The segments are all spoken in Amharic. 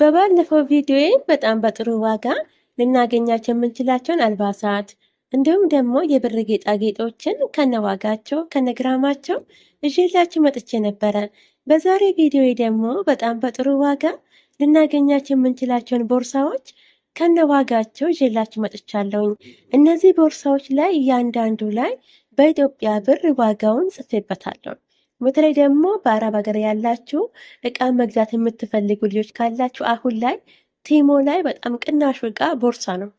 በባለፈው ቪዲዮዬ በጣም በጥሩ ዋጋ ልናገኛቸው የምንችላቸውን አልባሳት እንዲሁም ደግሞ የብር ጌጣጌጦችን ከነዋጋቸው ከነግራማቸው እዥላችሁ መጥቼ ነበረ። በዛሬ ቪዲዮ ደግሞ በጣም በጥሩ ዋጋ ልናገኛቸው የምንችላቸውን ቦርሳዎች ከነዋጋቸው እዤላችሁ መጥቻለውኝ። እነዚህ ቦርሳዎች ላይ እያንዳንዱ ላይ በኢትዮጵያ ብር ዋጋውን ጽፌበታለሁ። በተለይ ደግሞ በአረብ ሀገር ያላችሁ እቃ መግዛት የምትፈልጉ ልጆች ካላችሁ አሁን ላይ ቲሞ ላይ በጣም ቅናሹ እቃ ቦርሳ ነው።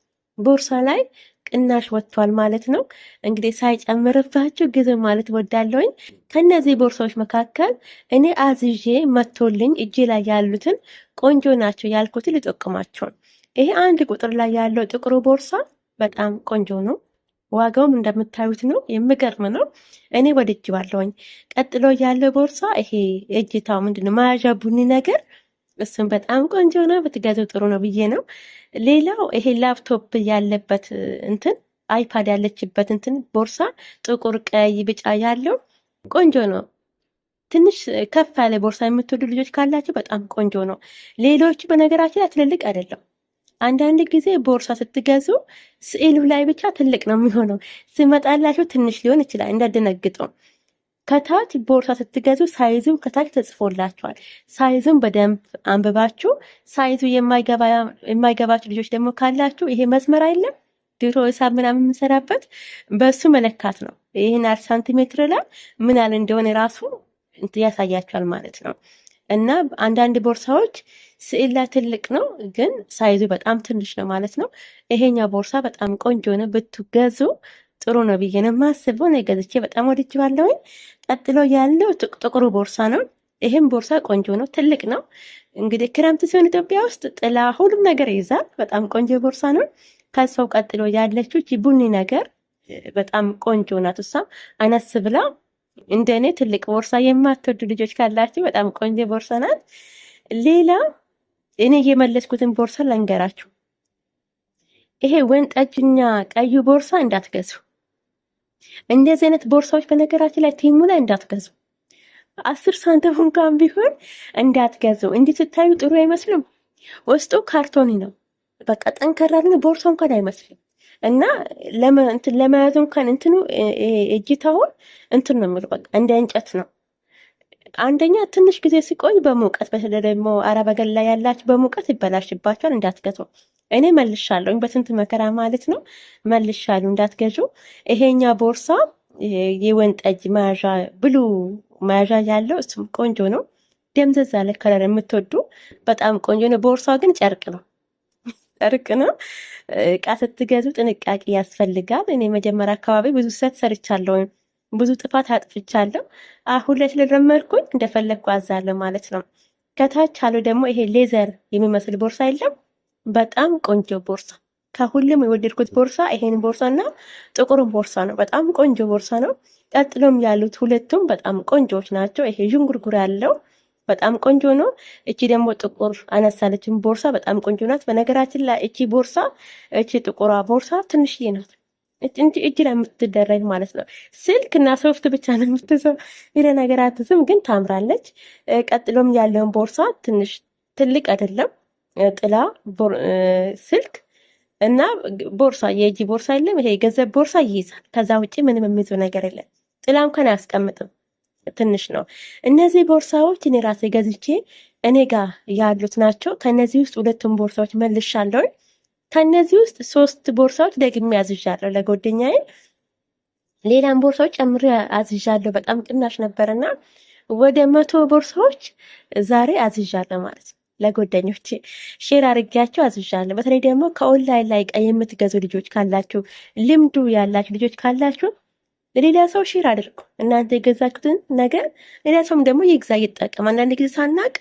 ቦርሳ ላይ ቅናሽ ወጥቷል ማለት ነው። እንግዲህ ሳይጨምርባችሁ ግዙ ማለት ወዳለውኝ። ከነዚህ ቦርሳዎች መካከል እኔ አዝዤ መቶልኝ እጅ ላይ ያሉትን ቆንጆ ናቸው ያልኩትን ልጠቁማቸውን። ይሄ አንድ ቁጥር ላይ ያለው ጥቁሩ ቦርሳ በጣም ቆንጆ ነው። ዋጋውም እንደምታዩት ነው። የሚገርም ነው። እኔ ወድጄዋለሁኝ። ቀጥሎ ያለው ቦርሳ ይሄ እጅታው ምንድነው መያዣ ቡኒ ነገር እሱም በጣም ቆንጆ ነው። ብትገዙ ጥሩ ነው ብዬ ነው። ሌላው ይሄ ላፕቶፕ ያለበት እንትን አይፓድ ያለችበት እንትን ቦርሳ ጥቁር፣ ቀይ፣ ቢጫ ያለው ቆንጆ ነው። ትንሽ ከፍ ያለ ቦርሳ የምትወዱ ልጆች ካላቸው በጣም ቆንጆ ነው። ሌሎቹ በነገራችን ላይ ትልልቅ አይደለም። አንዳንድ ጊዜ ቦርሳ ስትገዙ ስዕሉ ላይ ብቻ ትልቅ ነው የሚሆነው፣ ሲመጣላቸው ትንሽ ሊሆን ይችላል። እንዳደነግጠው ከታች ቦርሳ ስትገዙ ሳይዙ ከታች ተጽፎላቸዋል። ሳይዙን በደንብ አንብባችሁ ሳይዙ የማይገባችሁ ልጆች ደግሞ ካላችሁ ይሄ መስመር አይለም ድሮ ሂሳብ ምናምን የምንሰራበት በሱ መለካት ነው። ይህን አር ሳንቲሜትር ላይ ምን ያህል እንደሆነ ራሱ ያሳያችኋል ማለት ነው። እና አንዳንድ ቦርሳዎች ስዕል ላይ ትልቅ ነው፣ ግን ሳይዙ በጣም ትንሽ ነው ማለት ነው። ይሄኛ ቦርሳ በጣም ቆንጆ ነው፣ ብትገዙ ጥሩ ነው ብዬ ነው የማስበው። እኔ ገዝቼ በጣም ወድጄዋለሁኝ። ቀጥሎ ያለው ጥቁሩ ቦርሳ ነው። ይህም ቦርሳ ቆንጆ ነው፣ ትልቅ ነው። እንግዲህ ክረምት ሲሆን ኢትዮጵያ ውስጥ ጥላ ሁሉም ነገር ይይዛል። በጣም ቆንጆ ቦርሳ ነው። ከሰው ቀጥሎ ያለችው ቡኒ ነገር በጣም ቆንጆ ናት። እሷም አነስ ብላ እንደ እኔ ትልቅ ቦርሳ የማትወዱ ልጆች ካላችሁ በጣም ቆንጆ ቦርሳ ናት። ሌላ እኔ የመለስኩትን ቦርሳ ለንገራችሁ። ይሄ ወይንጠጅና ቀዩ ቦርሳ እንዳትገዙ። እንደዚህ አይነት ቦርሳዎች በነገራችን ላይ ቲሙ ላይ እንዳትገዙ። አስር ሳንቲም እንኳን ቢሆን እንዳትገዙ። እንዲህ ስታዩ ጥሩ አይመስልም። ውስጡ ካርቶኒ ነው። በቃ ጠንከራልን ቦርሳ እንኳን አይመስልም። እና ለመያዙ እንኳን እንትኑ እጅታውን እንትን ነው የሚል በቃ እንደ እንጨት ነው። አንደኛ ትንሽ ጊዜ ሲቆይ በሙቀት በተለይ ደግሞ አረብ አገር ላይ ያላችሁ በሙቀት ይበላሽባቸዋል፣ እንዳትገዙ። እኔ መልሻለሁ፣ በስንት መከራ ማለት ነው መልሻሉ። እንዳትገዙ። ይሄኛ ቦርሳ ጠጅ መያዣ ብሉ መያዣ ያለው እሱም ቆንጆ ነው። ደምዘዝ ያለ ከለር የምትወዱ በጣም ቆንጆ ነው። ቦርሳ ግን ጨርቅ ነው። ጨርቅ ነው። እቃ ስትገዙ ጥንቃቄ ያስፈልጋል። እኔ መጀመሪያ አካባቢ ብዙ ሰት ሰርቻለሁ፣ ብዙ ጥፋት አጥፍቻለሁ። አሁን ላይ ስለለመድኩኝ እንደፈለግኩ አዛለሁ ማለት ነው። ከታች አሉ ደግሞ ይሄ ሌዘር የሚመስል ቦርሳ የለም፣ በጣም ቆንጆ ቦርሳ ከሁሉም የወደድኩት ቦርሳ ይሄን ቦርሳ እና ጥቁሩን ቦርሳ ነው። በጣም ቆንጆ ቦርሳ ነው። ቀጥሎም ያሉት ሁለቱም በጣም ቆንጆዎች ናቸው። ይሄ ዥንጉርጉር ያለው በጣም ቆንጆ ነው። እቺ ደግሞ ጥቁር አነሳለችን ቦርሳ በጣም ቆንጆ ናት። በነገራችን ላይ እቺ ቦርሳ እቺ ጥቁሯ ቦርሳ ትንሽዬ ናት እንጂ እጅ ላይ የምትደረግ ማለት ነው። ስልክ እና ሶፍት ብቻ ነው የምትሰው ሌላ ነገር አትስም፣ ግን ታምራለች። ቀጥሎም ያለውን ቦርሳ ትንሽ ትልቅ አይደለም፣ ጥላ ስልክ እና ቦርሳ የእጅ ቦርሳ የለም። ይሄ የገንዘብ ቦርሳ ይይዛል። ከዛ ውጭ ምንም የሚይዘው ነገር የለም። ጥላ እንኳን አያስቀምጥም። ትንሽ ነው። እነዚህ ቦርሳዎች እኔ ራሴ ገዝቼ እኔ ጋር ያሉት ናቸው። ከእነዚህ ውስጥ ሁለቱን ቦርሳዎች መልሻለሁ። ከእነዚህ ውስጥ ሶስት ቦርሳዎች ደግሜ አዝዣለሁ ለጎደኛ ሌላም ቦርሳዎች ጨምሬ አዝዣለሁ። በጣም ቅናሽ ነበርና ወደ መቶ ቦርሳዎች ዛሬ አዝዣለሁ ማለት ነው። ለጎደኞች ሼር አድርጊያቸው አዝዣለሁ። በተለይ ደግሞ ከኦንላይን ላይ የምትገዙ ልጆች ካላችሁ ልምዱ ያላችሁ ልጆች ካላችሁ ለሌላ ሰው ሼር አድርጉ። እናንተ የገዛችሁትን ነገር ሌላ ሰውም ደግሞ የግዛ ይጠቀም። አንዳንድ ጊዜ ሳናቅ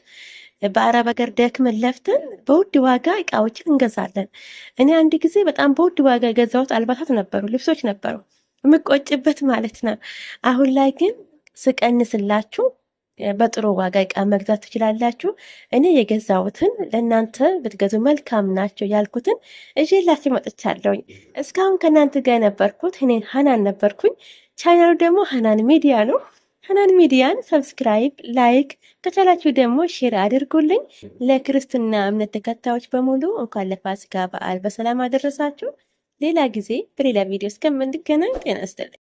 በአረብ ሀገር ደክመን ለፍተን በውድ ዋጋ እቃዎችን እንገዛለን። እኔ አንድ ጊዜ በጣም በውድ ዋጋ የገዛሁት አልባሳት ነበሩ፣ ልብሶች ነበሩ፣ የምቆጭበት ማለት ነው። አሁን ላይ ግን ስቀንስላችሁ በጥሩ ዋጋ እቃ መግዛት ትችላላችሁ። እኔ የገዛሁትን ለእናንተ ብትገዙ መልካም ናቸው ያልኩትን እዤላችሁ መጥቻለሁኝ። እስካሁን ከእናንተ ጋር የነበርኩት እኔ ሀናን ነበርኩኝ። ቻናሉ ደግሞ ሀናን ሚዲያ ነው። ሀናን ሚዲያን ሰብስክራይብ፣ ላይክ ከቻላችሁ ደግሞ ሼር አድርጉልኝ። ለክርስትና እምነት ተከታዮች በሙሉ እንኳን ለፋሲካ በዓል በሰላም አደረሳችሁ። ሌላ ጊዜ በሌላ ቪዲዮ እስከምንገናኝ ጤና ይስጥልኝ።